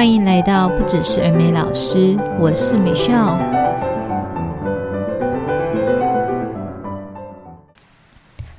歡迎來到不只是兒美老師，我是美少，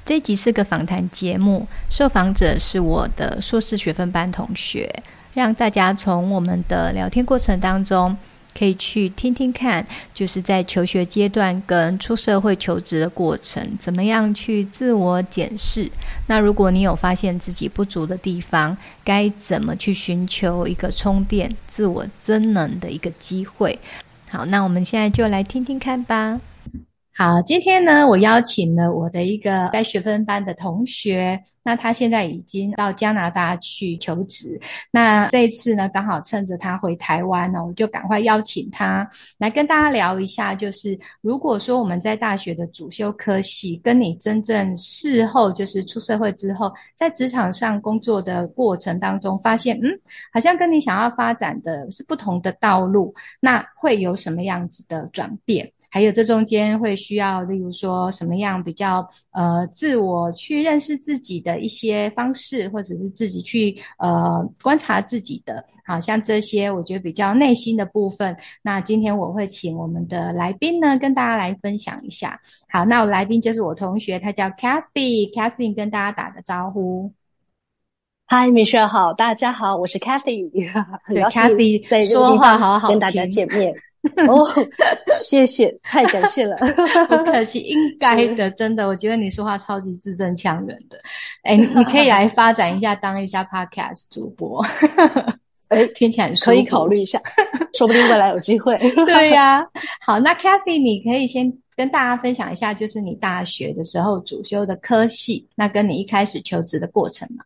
這一集是個訪談節目，受訪者是我的碩士學分班同學，讓大家從我們的聊天過程當中，可以去聽聽看，就是在求學階段跟出社會求職的過程，怎麼樣去自我檢視。那如果你有發現自己不足的地方，該怎麼去尋求一個充電、自我增能的一個機會？好，那我們現在就來聽聽看吧。好，今天呢，我邀請了我的一個在學分班的同學，那他現在已經到加拿大去求職。那這一次呢，剛好趁着他回台灣呢，我就趕快邀請他來跟大家聊一下，就是如果說我們在大學的主修科系，跟你真正事後就是出社會之後，在職場上工作的過程當中，發現嗯，好像跟你想要發展的是不同的道路，那會有什麼樣子的轉變？還有這中間會需要，例如說什麼樣比較呃自我去認識自己的一些方式，或者是自己去呃觀察自己的，好，像這些我覺得比較內心的部分。那今天我會請我們的來賓呢，跟大家來分享一下。好，那我來賓就是我同學，他叫 Cathy，Cathy 跟大家打個招呼。嗨，Michelle，好，大家好，我是 Cathy，對，Cathy 在說話，好好跟大家見面哦。Oh, 謝謝，太感謝了，不客氣，應該的， 真的，我覺得你說話超級字正腔圓的，誒你，你可以來發展一下， 當一下 Podcast 主播，哎， 聽起來很舒服，可以考慮一下，說不定未來有機會。 對呀、啊，好，那 Cathy，你可以先跟大家分享一下，就是你大學的時候主修的科系，那跟你一開始求職的過程嘛。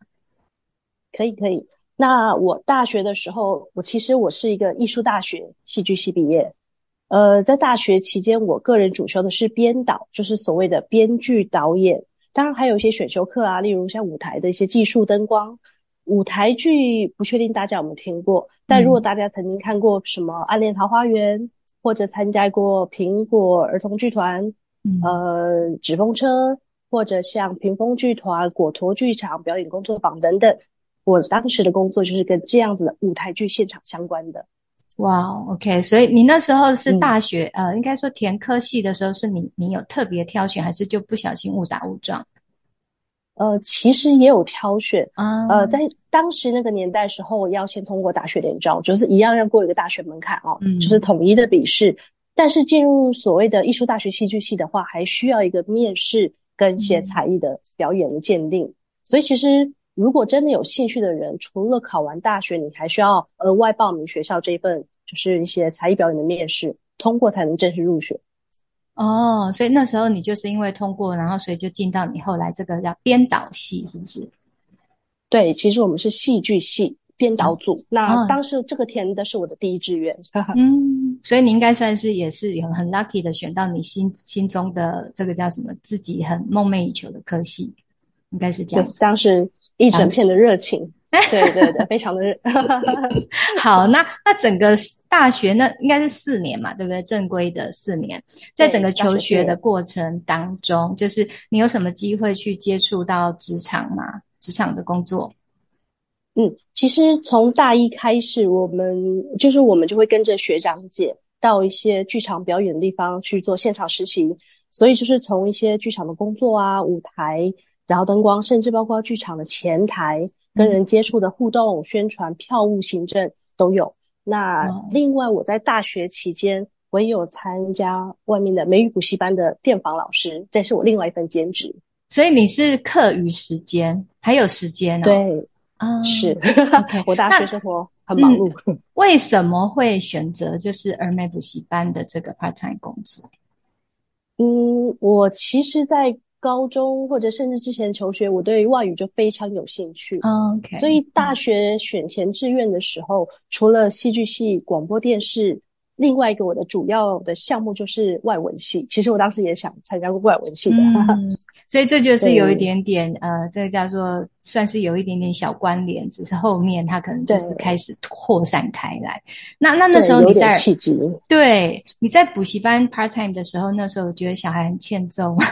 可以，可以。那我大學的時候，我其實我是一個藝術大學戲劇系畢業。呃，在大學期間，我個人主修的是編導，就是所謂的編劇導演。當然還有一些選修課啊，例如像舞台的一些技術、燈光。舞台劇不確定大家有沒有聽過，嗯、但如果大家曾經看過什麼《暗戀桃花源》，或者參加過蘋果兒童劇團、嗯、呃紙風車，或者像屏風劇團、果陀劇場、表演工作坊等等。我當時的工作就是跟這樣子的舞台劇現場相關的。哇、wow,，OK，所以你那時候是大學、嗯、呃，應該說填科系的時候，是你你有特別挑選，還是就不小心誤打誤撞？呃，其實也有挑選啊。嗯、呃，在當時那個年代時候，要先通過大學聯招，就是一樣要過一個大學門檻哦，嗯、就是統一的筆試。但是進入所謂的藝術大學戲劇系的話，還需要一個面試跟一些才藝的表演的鑑定。嗯、所以其實。如果真的有興趣的人，除了考完大學，你還需要額外報名學校這一份，就是一些才藝表演的面試，通過才能正式入學。哦，所以那時候你就是因為通過，然後所以就進到你後來這個叫編導系，是不是？對，其實我們是戲劇系編導組。嗯、那當時這個填的是我的第一志願。嗯，呵呵嗯，所以你應該算是也是有很 lucky 的選到你心心中的這個叫什麼，自己很夢寐以求的科系。應該是這樣子就，當時一整片的熱情，時對對對， 非常的熱。 好，那那整個大學呢，應該是四年嘛，對不對？正規的四年，在整個求學的過程當中，學學就是你有什麼機會去接觸到職場嗎？職場的工作？嗯，其實從大一開始，我們就是我們就會跟着學長姐到一些劇場表演的地方去做現場實習，所以就是從一些劇場的工作啊，舞台。然後燈光，甚至包括劇場的前台跟人接觸的互動、宣傳、票務、行政都有。那另外，我在大學期間，我也有參加外面的美語補習班的電訪老師，這是我另外一份兼職。所以你是課餘時間還有時間呢、哦？對，啊、嗯，是 我大學生活很忙碌。為什麼會選擇就是兒美補習班的這個 part time 工作？嗯，我其實，在，高中或者甚至之前求學，我對外語就非常有興趣。OK，所以大學選填志願的時候，嗯、除了戲劇系、廣播電視，另外一個我的主要的項目就是外文系。其實我當時也想參加過外文系的，嗯、所以這就是有一點點對呃，這個叫做算是有一點點小關聯，只是後面它可能就是開始擴散開來。對那那那時候你在對，對你在補習班 part time 的時候，那時候覺得小孩很欠揍。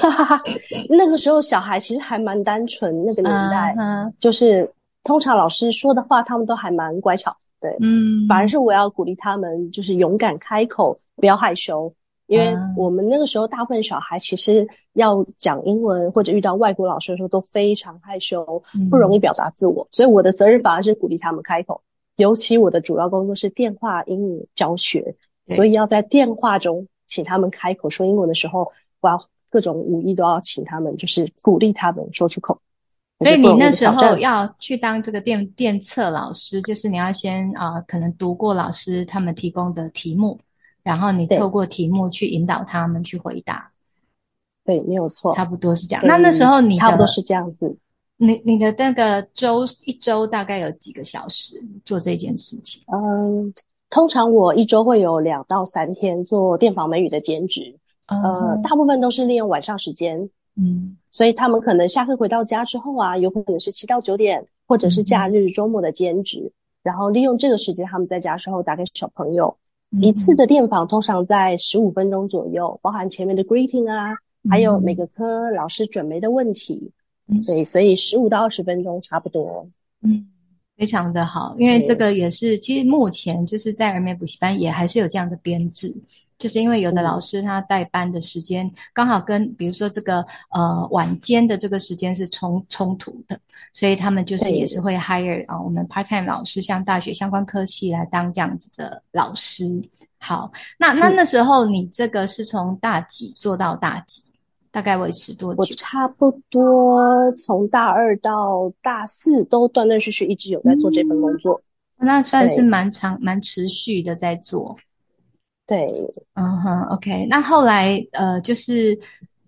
哈哈哈， 那個時候小孩其實還蠻單純，那個年代，uh huh. 就是通常老師說的話，他們都還蠻乖巧。對，嗯，mm. 反而是我要鼓勵他們，就是勇敢開口，不要害羞，因為我們那個時候大部分小孩其實要講英文或者遇到外國老師的時候都非常害羞，不容易表達自我，mm. 所以我的責任反而是鼓勵他們開口。尤其我的主要工作是電話英語教學，所以要在電話中請他們開口說英文的時候，Okay. 我要。各種五一都要請他們，就是鼓勵他們說出口。所以你那時候要去當這個電電測老師，就是你要先啊、呃，可能讀過老師他們提供的題目，然後你透過題目去引導他們去回答。對，沒有錯，差不多是這樣。所以，那那時候你差不多是這樣子。你你的那個周，一周大概有幾個小時做這件事情？嗯，通常我一周會有兩到三天做電訪美語的兼職。Uh huh. 呃，大部分都是利用晚上時間，嗯、mm，hmm. 所以他們可能下課回到家之後啊，有可能是七到九點，或者是假日周末的兼職，mm hmm. 然後利用這個時間他們在家時候打給小朋友。Mm hmm. 一次的電訪通常在十五分鐘左右，包含前面的 greeting 啊，mm hmm. 還有每個科老師準備的問題，mm hmm. 對，所以十五到二十分鐘差不多。嗯、mm，hmm. 非常的好，因為這個也是，對其實目前就是在兒美補習班也還是有這樣的編制。就是因為有的老師他帶班的時間剛好跟，比如說這個呃晚間的這個時間是衝衝突的，所以他們就是也是會 hire 啊我們 part time 老師，像大學相關科系來當這樣子的老師。好，那那那時候你這個是從大幾做到大幾，大概維持多久？我差不多從大二到大四都斷斷續續一直有在做這份工作、嗯，那算是蠻長對蠻持續的在做。對，嗯哼、uh huh，OK。那後來，呃，就是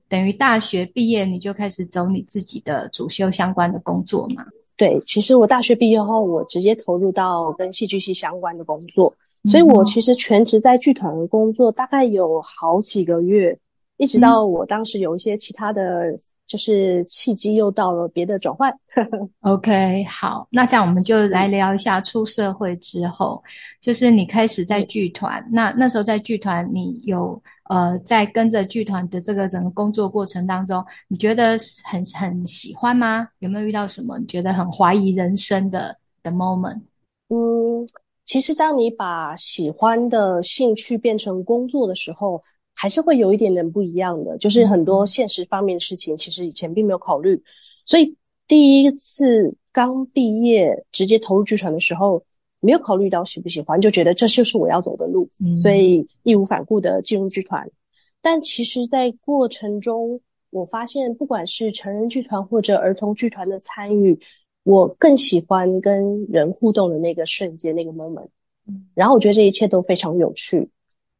等於大學畢業，你就開始走你自己的主修相關的工作嘛？對，其實我大學畢業後，我直接投入到跟戲劇系相關的工作，所以我其實全職在劇團工作大概有好幾個月，嗯、一直到我當時有一些其他的。就是契機又到了別的轉換。呵呵。OK，好，那這樣我們就來聊一下出社會之後，嗯、就是你開始在劇團。嗯、那那時候在劇團，你有呃在跟着劇團的這個整個工作過程當中，你覺得很很喜歡嗎？有沒有遇到什麼你覺得很懷疑人生的的 moment？嗯，其實當你把喜歡的興趣變成工作的時候。還是會有一點點不一樣的，就是很多現實方面的事情，嗯、其實以前並沒有考慮。所以第一次剛畢業直接投入劇團的時候，沒有考慮到喜不喜歡，就覺得這就是我要走的路，所以義無反顧的進入劇團。嗯、但其實，在過程中，我發現，不管是成人劇團或者兒童劇團的參與，我更喜歡跟人互動的那個瞬間，那個 moment。嗯、然後我覺得這一切都非常有趣。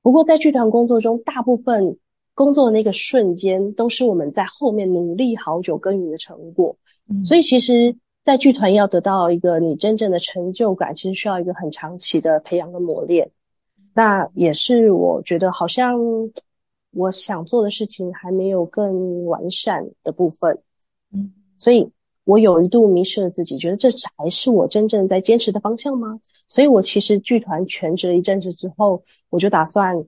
不過在劇團工作中，大部分工作的那個瞬間，都是我們在後面努力好久耕耘的成果。嗯，所以，其實，在劇團要得到一個你真正的成就感，其實需要一個很長期的培養跟磨練。那也是我覺得好像我想做的事情還沒有更完善的部分。嗯，所以我有一度迷失了自己，覺得這才是我真正在堅持的方向嗎？所以我其實劇團全職了一陣子之後，我就打算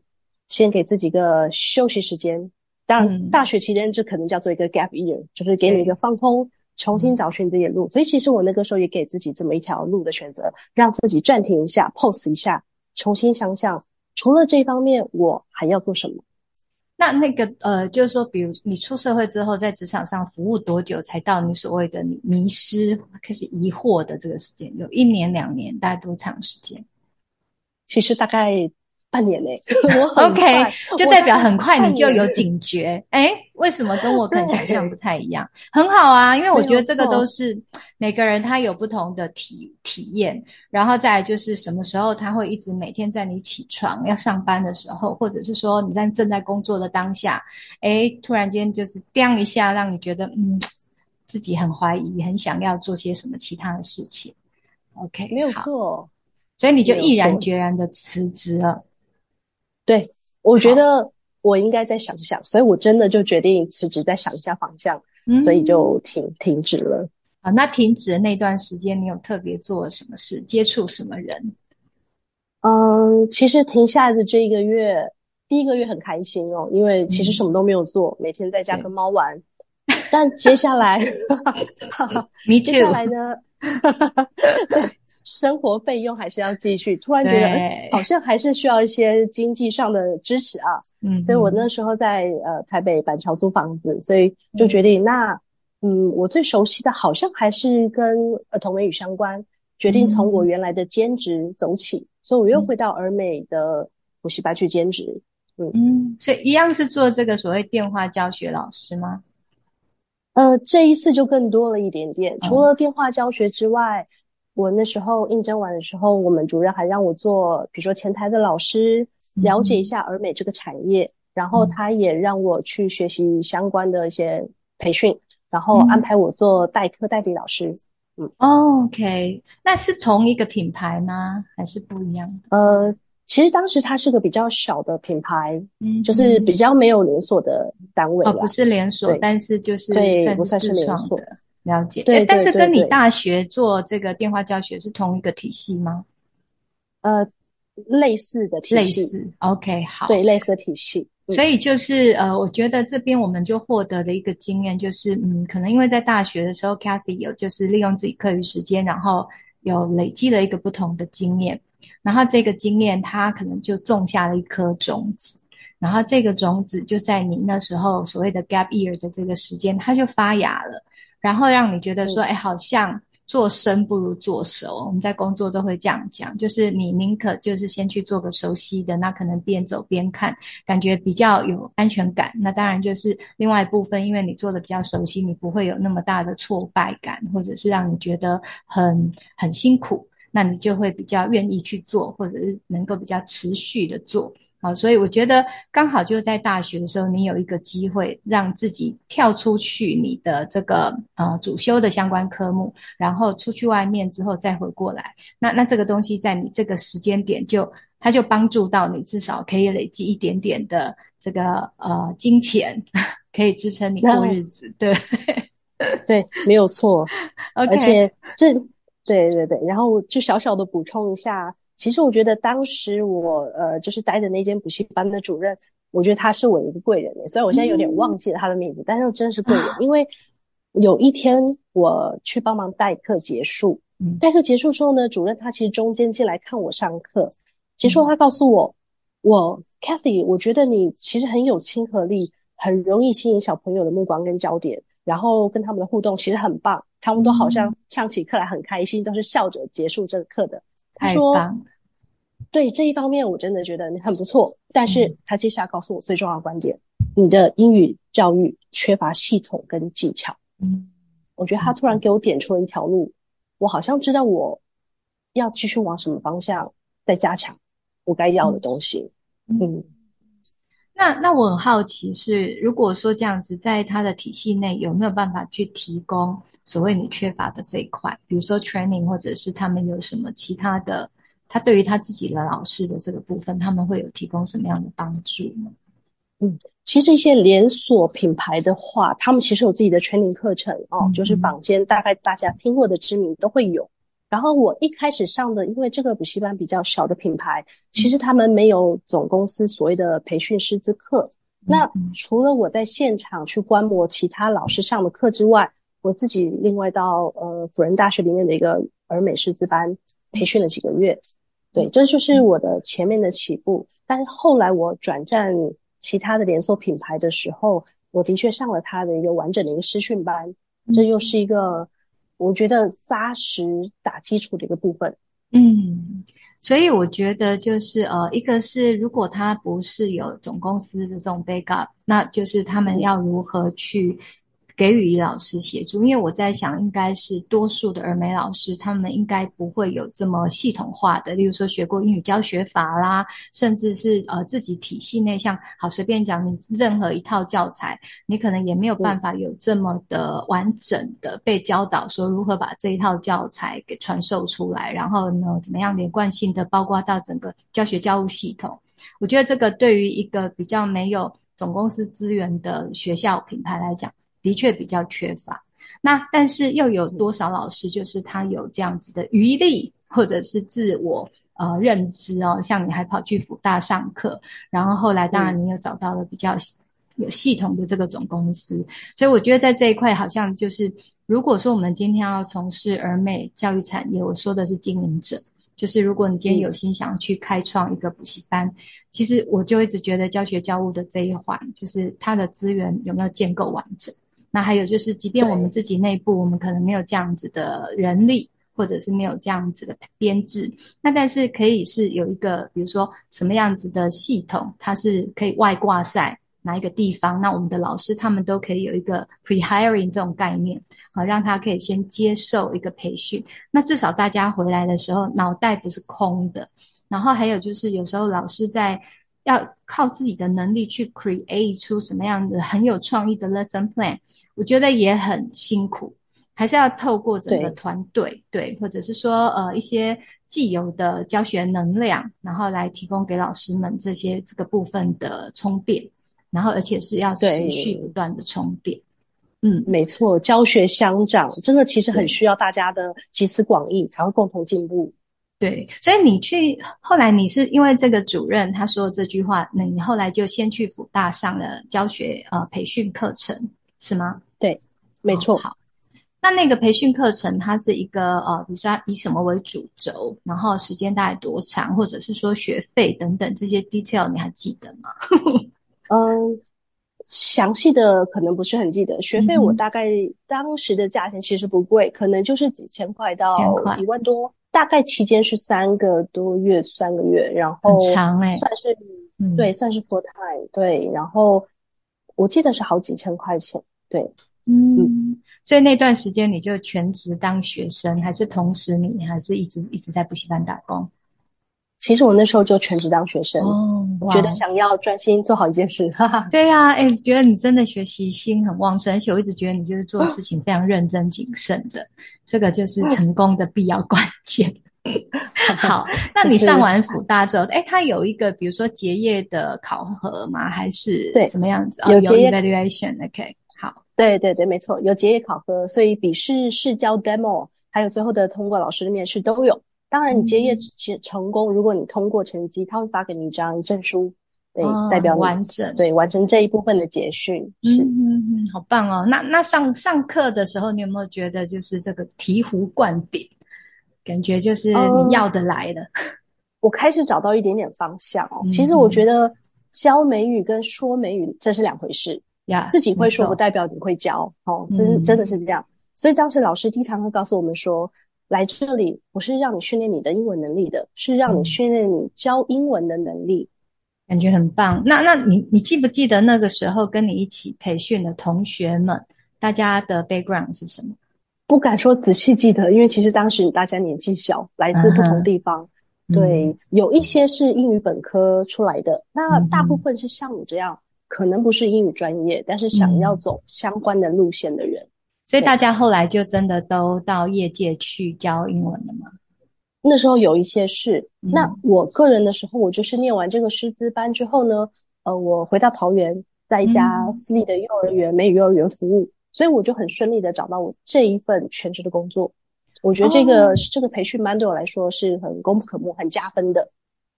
先給自己個休息時間。當然，大學期間這可能叫做一個 gap year，就是給你一個放空，嗯、重新找尋自己的路。所以其實我那個時候也給自己這麼一條路的選擇，讓自己暫停一下，pause 一下，重新想想，除了這方面，我還要做什麼。那那個呃，就是說，比如你出社會之後，在職場上服務多久，才到你所謂的你迷失、開始疑惑的這個時間？有一年、兩年，大概多長時間？其實大概。半年呢？OK， 就代表很快你就有警覺。誒、欸，為什麼跟我本想象不太一樣？很好啊，因為我覺得這個都是每個人他有不同的體體驗。然後再來就是什麼時候他會一直每天在你起床要上班的時候，或者是說你在正在工作的當下，誒、欸，突然間就是叮一下，讓你覺得嗯，自己很懷疑，很想要做些什麼其他的事情。OK，沒有錯，所以你就毅然決然的辭職了。對，我覺得我應該再想想，好所以我真的就決定辭職，再想一下方向，嗯、所以就停停止了。啊，那停止的那段時間，你有特別做什麼事，接觸什麼人？嗯，其實停下的這一個月，第一個月很開心哦，因為其實什麼都沒有做，嗯、每天在家跟貓玩。對但接下來，哈哈哈 Me too。你接下來呢？哈哈哈。生活費用還是要繼續，突然覺得對、欸、好像還是需要一些經濟上的支持啊。嗯哼，所以我那時候在呃台北板橋租房子，所以就決定嗯那嗯，我最熟悉的好像還是跟呃兒童美語相關，決定從我原來的兼職走起，嗯、所以我又回到兒美的補習班去兼職。嗯嗯，嗯嗯，所以一樣是做這個所謂電話教學老師嗎？呃，這一次就更多了一點點，嗯、除了電話教學之外。我那時候應徵完的時候，我們主任還讓我做，比如說前台的老師，了解一下兒美這個產業，然後他也讓我去學習相關的一些培訓，然後安排我做代課代理老師。嗯，嗯、哦、OK，那是同一個品牌嗎？還是不一樣？呃，其實當時它是個比較小的品牌，嗯，嗯，就是比較沒有連鎖的單位、哦、不是連鎖，對但是就是，是對，不算是連鎖的。了解，對，但是跟你大學做這個電話教學是同一個體系嗎？對對對對呃，類似的體系，類似，OK，好，對，類似的體系。嗯、所以就是呃，我覺得這邊我們就獲得了一個經驗就是，嗯，可能因為在大學的時候，Cathy 有就是利用自己課餘時間，然後有累積了一個不同的經驗，然後這個經驗它可能就種下了一顆種子，然後這個種子就在你那時候所謂的 gap year 的這個時間，它就發芽了。然後讓你覺得說，哎，好像做生不如做熟。對我們在工作都會這樣講，就是你寧可就是先去做個熟悉的，那可能邊走邊看，感覺比較有安全感。那當然就是另外一部分，因為你做的比較熟悉，你不會有那麼大的挫敗感，或者是讓你覺得很很辛苦，那你就會比較願意去做，或者是能夠比較持續的做。所以我覺得剛好就在大學的時候，你有一個機會讓自己跳出去你的這個呃主修的相關科目，然後出去外面之後再回過來，那那這個東西在你這個時間點就它就幫助到你，至少可以累積一點點的這個呃金錢，可以支撐你過日子。後對，對， 對，沒有錯。Okay. 而且這，對對對，然後就小小的補充一下。其實我覺得當時我呃就是待的那間補習班的主任，我覺得他是我一個貴人耶。雖然我現在有點忘記了他的名字，嗯、但是真是貴人。因為有一天我去幫忙代課結束，嗯、代課結束之後呢，主任他其實中間進來看我上課，結束後他告訴我：“我、嗯、Cathy，我覺得你其實很有親和力，很容易吸引小朋友的目光跟焦點，然後跟他們的互動其實很棒，他們都好像上起課來很開心，都是笑着結束這個課的。”他說：“太棒。對這一方面，我真的覺得你很不錯。但是他接下來告訴我最重要的觀點：嗯、你的英語教育缺乏系統跟技巧。嗯、我覺得他突然給我點出了一條路，我好像知道我要繼續往什麼方向再加強我該要的東西。嗯。嗯”那那，我很好奇是，如果說這樣子，在他的體系內有沒有辦法去提供所謂你缺乏的這一塊，比如說 training 或者是他們有什麼其他的，他對於他自己的老師的這個部分，他們會有提供什麼樣的幫助呢？嗯，其實一些連鎖品牌的話，他們其實有自己的 training 課程哦，嗯嗯。就是坊間大概大家聽過的知名都會有。然後我一開始上的，因為這個補習班比較小的品牌，其實他們沒有總公司所謂的培訓師資課。那除了我在現場去觀摩其他老師上的課之外，我自己另外到呃輔仁大學裡面的一個兒美師資班培訓了幾個月。對，這就是我的前面的起步。但是後來我轉戰其他的連鎖品牌的時候，我的確上了他的一個完整的一個師訓班，這又是一個。我覺得扎實打基礎的一個部分，嗯，所以我覺得就是呃，一個是如果他不是有總公司的這種 backup，那就是他們要如何去。給予以老師協助，因為我在想，應該是多數的兒美老師，他們應該不會有這麼系統化的。例如說，學過英語教學法啦，甚至是呃自己體系內，像好隨便講，你任何一套教材，你可能也沒有辦法有這麼的完整的被教導，說如何把這一套教材給傳授出來，然後呢，怎麼樣連貫性的包括到整個教學教務系統。我覺得這個對於一個比較沒有總公司資源的學校品牌來講，的確比較缺乏。那，但是又有多少老師就是他有這樣子的餘力或者是自我呃認知哦，像你還跑去輔大上課，然後後來當然你又找到了比較有系統的這個總公司，嗯、所以我覺得在這一塊好像就是如果說我們今天要從事兒美教育產業，我說的是經營者，就是如果你今天有心想去開創一個補習班，嗯、其實我就一直覺得教學教務的這一環就是它的資源有沒有建構完整。那還有就是，即便我們自己內部，我們可能沒有這樣子的人力，對或者是沒有這樣子的編制，那但是可以是有一個，比如說什麼樣子的系統，它是可以外掛在哪一個地方，那我們的老師他們都可以有一個 pre-hiring 這種概念，好、啊、讓他可以先接受一個培訓，那至少大家回來的時候腦袋不是空的。然後還有就是，有時候老師在。要靠自己的能力去 create 出什麼樣子很有創意的 lesson plan，我覺得也很辛苦，還是要透過整個團隊，對，對，或者是說呃一些既有的教學能量，然後來提供給老師們這些這個部分的充電，然後而且是要持續不斷的充電。對嗯，沒錯，教學相長，真的其實很需要大家的集思廣益，才會共同進步。對，所以你去後來你是因為這個主任他說這句話，那你後來就先去輔大上了教學呃培訓課程是嗎？對，沒錯、哦。好，那那個培訓課程它是一個呃，比如說以什麼為主軸，然後時間大概多長，或者是說學費等等這些 detail 你還記得嗎？嗯 呃，詳細的可能不是很記得。學費我大概、嗯、哼當時的價錢其實不貴，可能就是幾千塊到一萬多。大概期間是三個多月，三個月，然後很長哎，算是、欸嗯、對，算是 full time 對，然後我記得是好幾千塊錢，對，嗯，嗯所以那段時間你就全職當學生，你還是同時你，你還是一直一直在補習班打工？其實我那時候就全職當學生，哦、覺得想要專心做好一件事。哈、啊、對呀、啊，誒覺得你真的學習心很旺盛，而且我一直覺得你就是做事情非常認真謹慎的，嗯、這個就是成功的必要關鍵。嗯、好，那你上完輔大之後，哎，他有一個比如說結業的考核嗎？還是對什麼樣子？對 oh, 有結業 evaluation，OK。Evaluation, okay, 好，對對對，沒錯，有結業考核，所以筆試、試教 demo，還有最後的通過老師的面試都有。當然，你結業成功，嗯、如果你通過成績，他會發給你一張證書，對，哦、代表你完整對完成這一部分的結訓，是的嗯，好棒哦！那那上上課的時候，你有沒有覺得就是這個醍醐灌頂，感覺就是你要的來了？嗯？我開始找到一點點方向哦。嗯、其實我覺得教美語跟說美語，這是兩回事呀，自己會說不代表你會教，嗯、哦，真真的是這樣。嗯、所以當時老師經常會告訴我們說。來這裡不是讓你訓練你的英文能力的是讓你訓練你教英文的能力。感覺很棒。那那你你記不記得那個時候跟你一起培訓的同學們，大家的 background 是什麼？不敢說仔細記得，因為其實當時大家年紀小，來自不同地方。啊、呵對，嗯、有一些是英語本科出來的，那大部分是像我這樣，嗯、可能不是英語專業，但是想要走相關的路線的人。嗯所以大家後來就真的都到業界去教英文了嗎？那時候有一些是，那我個人的時候，我就是念完這個師資班之後呢，呃，我回到桃園，在一家私立的幼兒園美語幼兒園服務，所以我就很順利的找到我這一份全職的工作。我覺得這個，oh. 這個培訓班對我來說是很功不可沒，很加分的。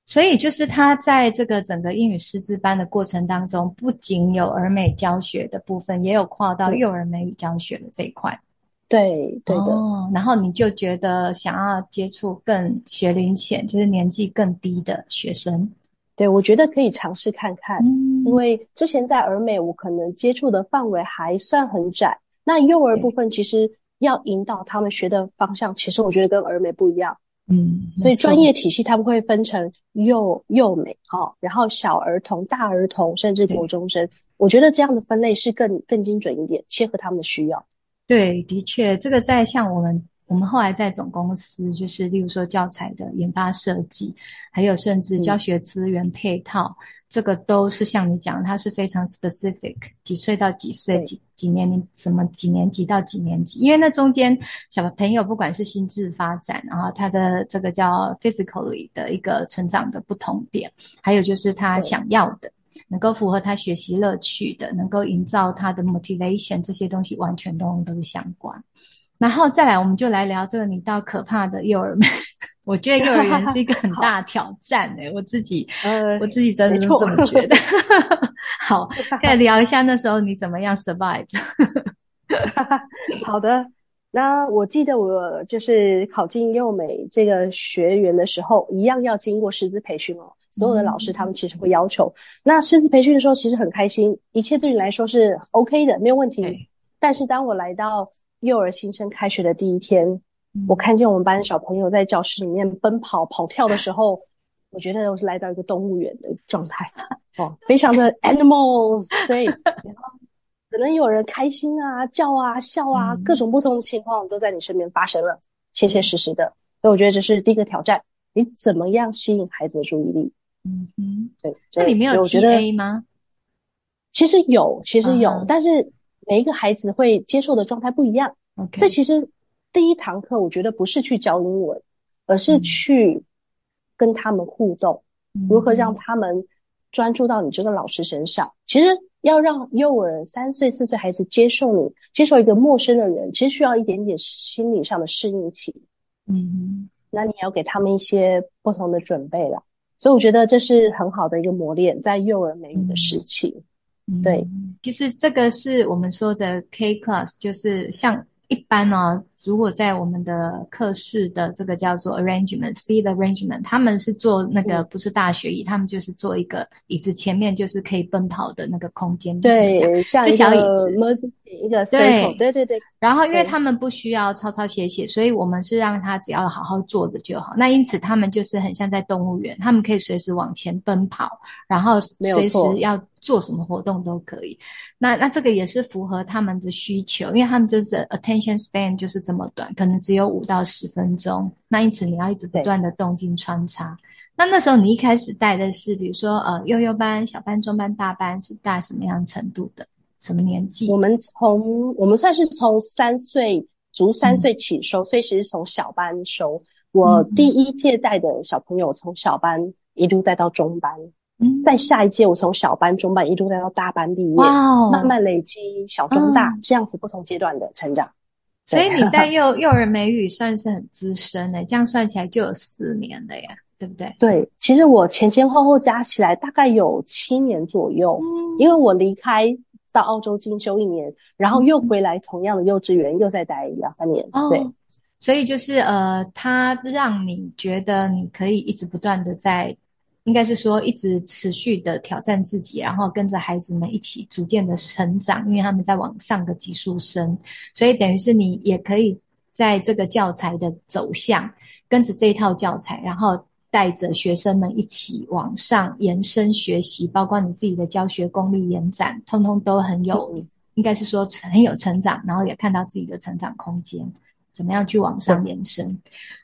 所以就是他在這個整個英語師資班的過程當中，不僅有兒美教學的部分，也有跨到幼兒美語教學的這一塊。嗯、對，對的、哦。然後你就覺得想要接觸更學齡前，就是年紀更低的學生。對，我覺得可以嘗試看看，嗯、因為之前在兒美，我可能接觸的範圍還算很窄。那幼兒部分其實要引導他們學的方向，其實我覺得跟兒美不一樣。嗯，所以專業體系他們會分成幼沒錯幼美哈、哦，然後小兒童、大兒童，甚至國中生，對我覺得這樣的分類是更更精準一點，切合他們的需要。對，的確，這個在像我們。我們後來在總公司，就是例如說教材的研發設計，還有甚至教學資源配套，嗯、這個都是像你講的，它是非常 specific，幾歲到幾歲，幾對幾年級，什麼幾年級到幾年級，因為那中間小朋友不管是心智發展，然後他的這個叫 physically 的一個成長的不同點，還有就是他想要的，對能夠符合他學習樂趣的，能夠營造他的 motivation，這些東西完全都都是相關。然後再來，我們就來聊這個你到可怕的幼兒園。我覺得幼兒園是一個很大的挑戰誒、欸、 好我自己，呃，我自己真的是這麼覺得。錯 好， 再聊一下那時候你怎麼樣 survive。 好的，那我記得我就是考進幼美這個學員的時候，一樣要經過師資培訓哦。所有的老師他們其實會要求。嗯、那師資培訓的時候其實很開心，一切對你來說是 OK 的，沒有問題。哎、但是當我來到。幼兒新生開學的第一天，我看見我們班小朋友在教室裡面奔跑、嗯、跑跳的時候，我覺得我是來到一個動物園的狀態，哦，非常的 animals，對， 可能有人開心啊、叫啊、笑啊，嗯、各種不同的情況都在你身邊發生了，切切實實的，嗯、所以我覺得這是第一個挑戰，你怎麼樣吸引孩子的注意力？嗯嗯，對，這裡面有，我覺得可以嗎？其實有，其實有，嗯、但是。每一個孩子會接受的狀態不一樣，Okay. 這其實第一堂課，我覺得不是去教英文，而是去跟他們互動，mm hmm. 如何讓他們專注到你這個老師身上。Mm hmm. 其實要讓幼兒三歲四歲孩子接受你，接受一個陌生的人，其實需要一點點心理上的適應期。嗯、mm，hmm. 那你也要給他們一些不同的準備了。所以我覺得這是很好的一個磨練，在幼兒美語的時期。Mm hmm. 對、嗯，其實這個是我們說的 K class，就是像一般呢、哦，如果在我們的課室的這個叫做 arrangement，seat arrangement，他們是做那個不是大學椅，嗯、他們就是做一個椅子前面就是可以奔跑的那個空間，對，就像一個就小椅子。一個窗口，對,對對對。然後，因為他們不需要抄抄寫寫，對所以我們是讓他只要好好坐着就好。那因此，他們就是很像在動物園，他們可以隨時往前奔跑，然後隨時要做什麼活動都可以。那那這個也是符合他們的需求，因為他們就是 attention span 就是這麼短，可能只有五到十分鐘。那因此，你要一直不斷的動靜穿插。對那那時候你一開始帶的是，比如說呃，幼幼班、小班、中班、大班，是帶什麼樣程度的？什麼年紀？我們從我們算是從三歲，足三歲起收，嗯、所以其實從小班收。我第一屆帶的小朋友從小班一路帶到中班，嗯，在下一屆我從小班、中班一路帶到大班畢業，哦、慢慢累積小中大、中、哦、大這樣子不同階段的成長。所以你在幼 幼兒美語算是很資深的、欸，這樣算起來就有四年了呀，對不對？對，其實我前前後後加起來大概有七年左右，嗯，因為我離開。到澳洲進修一年，然後又回來同樣的幼稚園又、又再待兩三年。對，哦、所以就是呃，它讓你覺得你可以一直不斷的在，應該是說一直持續的挑戰自己，然後跟着孩子們一起逐漸的成長，因為他們在往上的級數升，所以等於是你也可以在這個教材的走向，跟着這一套教材，然後。帶着學生們一起往上延伸學習，包括你自己的教學功力延展，通通都很有，嗯、應該是說很有成長，然後也看到自己的成長空間，怎麼樣去往上延伸。對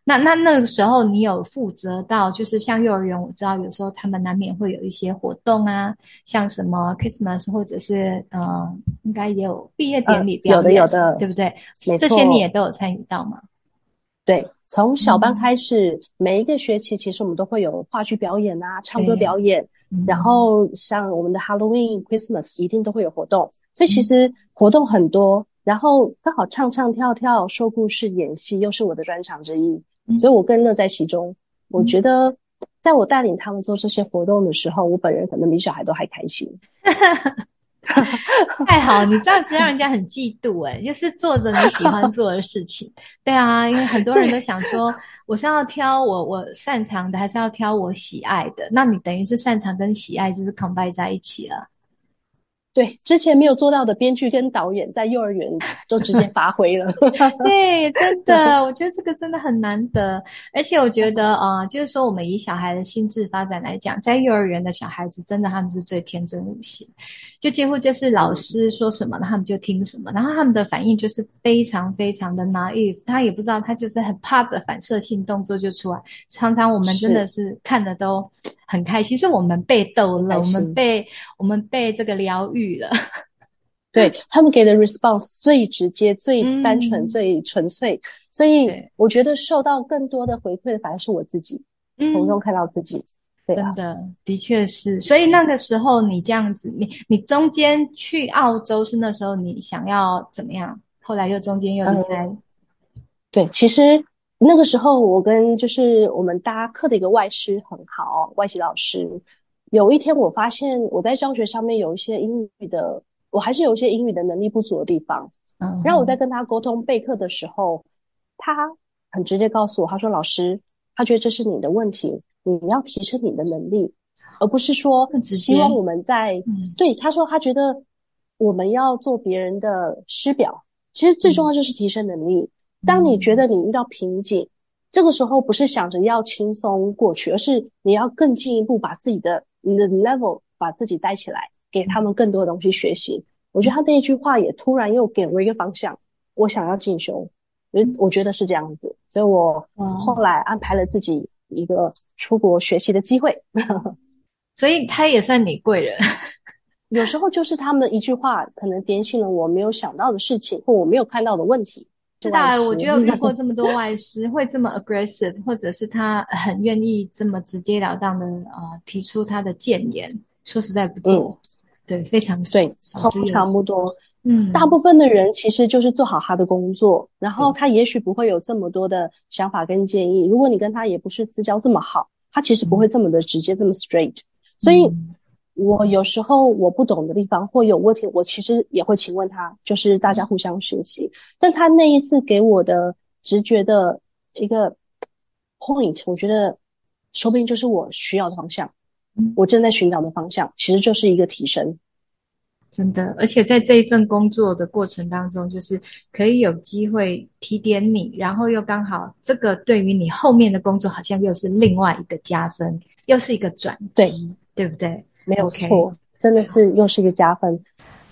那那那個時候，你有負責到，就是像幼兒園，我知道有時候他們難免會有一些活動啊，像什麼 Christmas 或者是嗯、呃，應該也有畢業典禮，呃、有的有的，對不對？錯這些你也都有參與到嗎？對。從小班開始，嗯、每一個學期其實我們都會有話劇表演啊、啊唱歌表演，嗯、然後像我們的 Halloween、Christmas 一定都會有活動，所以其實活動很多。嗯、然後剛好唱唱跳跳、說故事、演戲，又是我的專長之一，嗯、所以我更樂在其中。嗯、我覺得，在我帶領他們做這些活動的時候，嗯、我本人可能比小孩都還開心。 太好，你這樣子讓人家很嫉妒哎、欸！就是做着你喜歡做的事情，對啊，因為很多人都想說，對我是要挑我我擅長的，還是要挑我喜愛的？那你等於是擅長跟喜愛就是 combine 在一起了。對，之前沒有做到的編劇跟導演，在幼兒園都直接發揮了。 對，真的，我覺得這個真的很難得，對而且我覺得啊、呃，就是說我們以小孩的心智發展來講，在幼兒園的小孩子，真的他們是最天真無邪。就幾乎就是老師說什麼，嗯、他們就聽什麼，然後他們的反應就是非常非常的 naive，他也不知道，他就是很怕的反射性動作就出來。常常我們真的是看得都很開心，是,是我們被逗了，是我們被我們被這個療癒了。對他們給的 response 最直接、最單純、嗯、最純粹，所以我覺得受到更多的回饋的反而是我自己，從中、嗯、看到自己。啊、真的，的確是，所以那個時候你這樣子，你你中間去澳洲是那時候你想要怎麼樣？後來又中間又離開。嗯、對，其實那個時候我跟就是我們搭課的一個外師很好，外教老師。有一天我發現我在教學上面有一些英語的，我還是有一些英語的能力不足的地方。嗯。然後我在跟他溝通備課的時候，他很直接告訴我，他說：“老師，他覺得這是你的問題。”你要提升你的能力，而不是說希望我們在、嗯、對他說，他覺得我們要做別人的師表。其實最重要就是提升能力。當、嗯、你覺得你遇到瓶頸，這個時候不是想着要輕鬆過去，而是你要更進一步把自己的你的 level 把自己帶起來，給他們更多的東西學習。嗯、我覺得他那一句話也突然又給我一個方向。我想要進修，嗯、我覺得是這樣子，所以我後來安排了自己。嗯一個出國學習的機會， 所以他也算你貴人。 有時候就是他們的一句話，可能點醒了我沒有想到的事情，或我沒有看到的問題。是的，我覺得我遇過這麼多外師 會這麼 aggressive，或者是他很願意這麼直截了當的啊、呃、提出他的建言，說實在不多、嗯、對，非常對，通常不多。嗯， 大部分的人其實就是做好他的工作，然後他也許不會有這麼多的想法跟建議。對如果你跟他也不是私交這麼好，他其實不會這麼的直接，嗯、這麼 straight。所以，我有時候我不懂的地方或有問題，我其實也會請問他，就是大家互相學習。但他那一次給我的直覺的一個 point，我覺得說不定就是我需要的方向，嗯、我正在尋找的方向，其實就是一個提升。真的，而且在這一份工作的過程當中，就是可以有機會提點你，然後又剛好這個對於你後面的工作好像又是另外一個加分，又是一個轉機，對，對不對？沒有錯，Okay, 真的是又是一個加分。嗯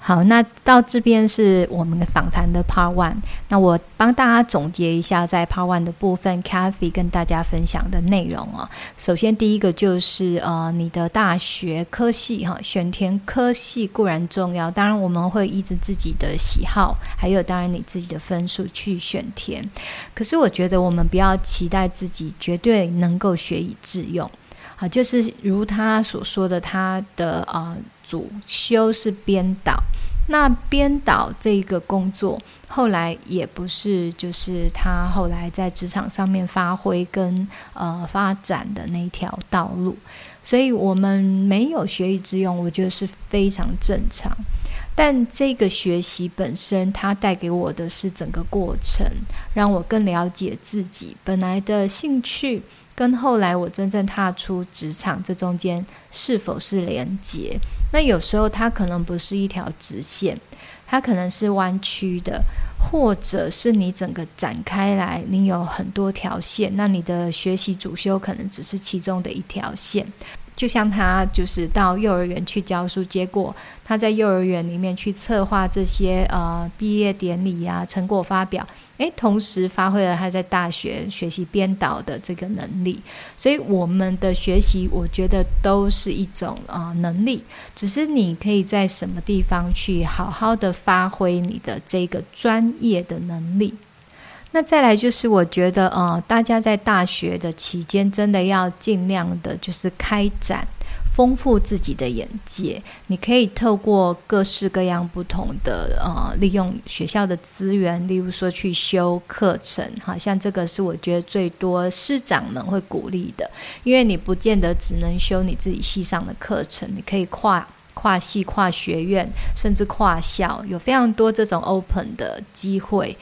好，那到這邊是我們的訪談的 Part One。那我幫大家總結一下，在 Part One 的部分，Cathy 跟大家分享的內容啊、哦。首先，第一個就是呃，你的大學科系哈、呃，選填科系固然重要，當然我們會依着自己的喜好，還有當然你自己的分數去選填。可是我覺得我們不要期待自己絕對能夠學以致用，好、呃，就是如他所說的，他的啊。呃主修是編導，那編導這個工作，後來也不是就是他後來在職場上面發揮跟呃發展的那一條道路，所以我們沒有學以致用，我覺得是非常正常。但這個學習本身，它帶給我的是整個過程，讓我更了解自己本來的興趣，跟後來我真正踏出職場這中間是否是連接。那有時候它可能不是一條直線，它可能是彎曲的，或者是你整個展開來，你有很多條線。那你的學習主修可能只是其中的一條線，就像他就是到幼兒園去教書，結果他在幼兒園裡面去策劃這些呃畢業典禮呀、啊、成果發表。哎，同時發揮了他在大學學習編導的這個能力，所以我們的學習，我覺得都是一種啊能力，只是你可以在什麼地方去好好的發揮你的這個專業的能力。那再來就是，我覺得大家在大學的期間，真的要盡量的就是開展。豐富自己的眼界，你可以透過各式各樣不同的呃，利用學校的資源，例如說去修課程，好像這個是我覺得最多師長們會鼓勵的，因為你不見得只能修你自己系上的課程，你可以跨跨系、跨學院，甚至跨校，有非常多這種 open 的機會。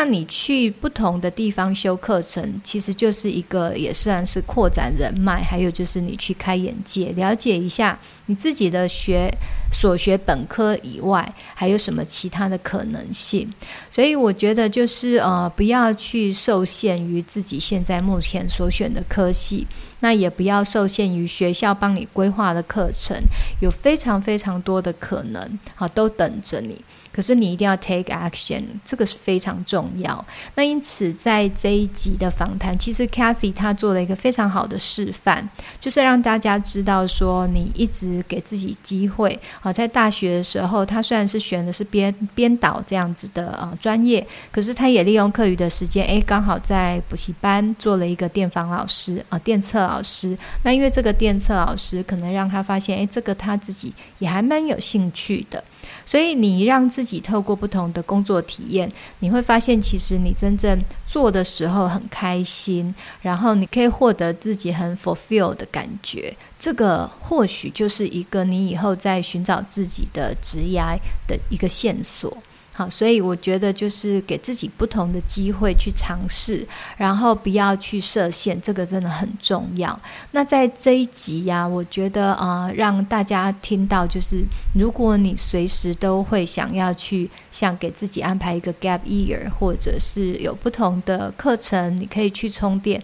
那你去不同的地方修課程，其實就是一個，也算是擴展人脈，還有就是你去開眼界，了解一下你自己的學所學本科以外還有什麼其他的可能性。所以我覺得就是呃，不要去受限於自己現在目前所選的科系，那也不要受限於學校幫你規劃的課程，有非常非常多的可能，好，都等着你。可是你一定要 take action，這個是非常重要。那因此，在這一集的訪談，其實 Cathy 她做了一個非常好的示範，就是讓大家知道說，你一直給自己機會。好、呃，在大學的時候，他雖然是選的是編編導這樣子的呃專業，可是他也利用課餘的時間，誒，剛好在補習班做了一個電訪老師啊、呃，電測老師。那因為這個電測老師，可能讓他發現，誒，這個他自己也還蠻有興趣的。所以，你讓自己透過不同的工作體驗，你會發現，其實你真正做的時候很開心，然後你可以獲得自己很 fulfill 的感覺。這個或許就是一個你以後在尋找自己的職涯的一個線索。好，所以我覺得就是給自己不同的機會去嘗試，然後不要去設限，這個真的很重要。那在這一集呀、啊，我覺得啊、呃，讓大家聽到就是，如果你隨時都會想要去，想給自己安排一個 gap year，或者是有不同的課程，你可以去充電。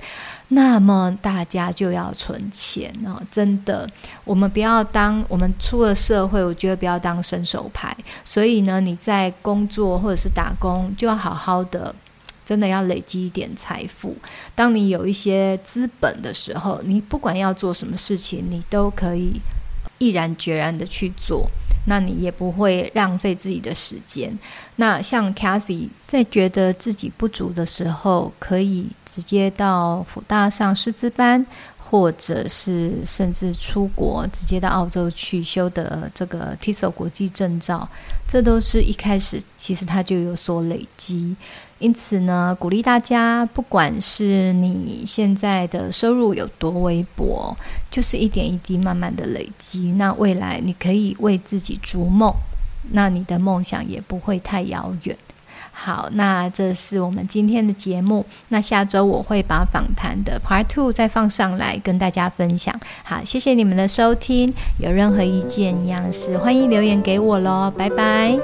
那麼大家就要存錢哦！真的，我們不要當我們出了社會，我覺得不要當伸手牌。所以呢，你在工作或者是打工，就要好好的，真的要累積一點財富。當你有一些資本的時候，你不管要做什麼事情，你都可以毅然決然的去做。那你也不會浪費自己的時間。那像 Cathy，在覺得自己不足的時候，可以直接到輔大上師資班。或者是甚至出國，直接到澳洲去修的這個 TESOL 國際證照，這都是一開始其實它就有所累積。因此呢，鼓勵大家，不管是你現在的收入有多微薄，就是一點一滴慢慢的累積，那未來你可以為自己逐夢，那你的夢想也不會太遙遠。好，那這是我們今天的節目。那下週我會把訪談的 Part Two 再放上來跟大家分享。好，謝謝你們的收聽。有任何意見一樣是，歡迎留言給我咯。拜拜。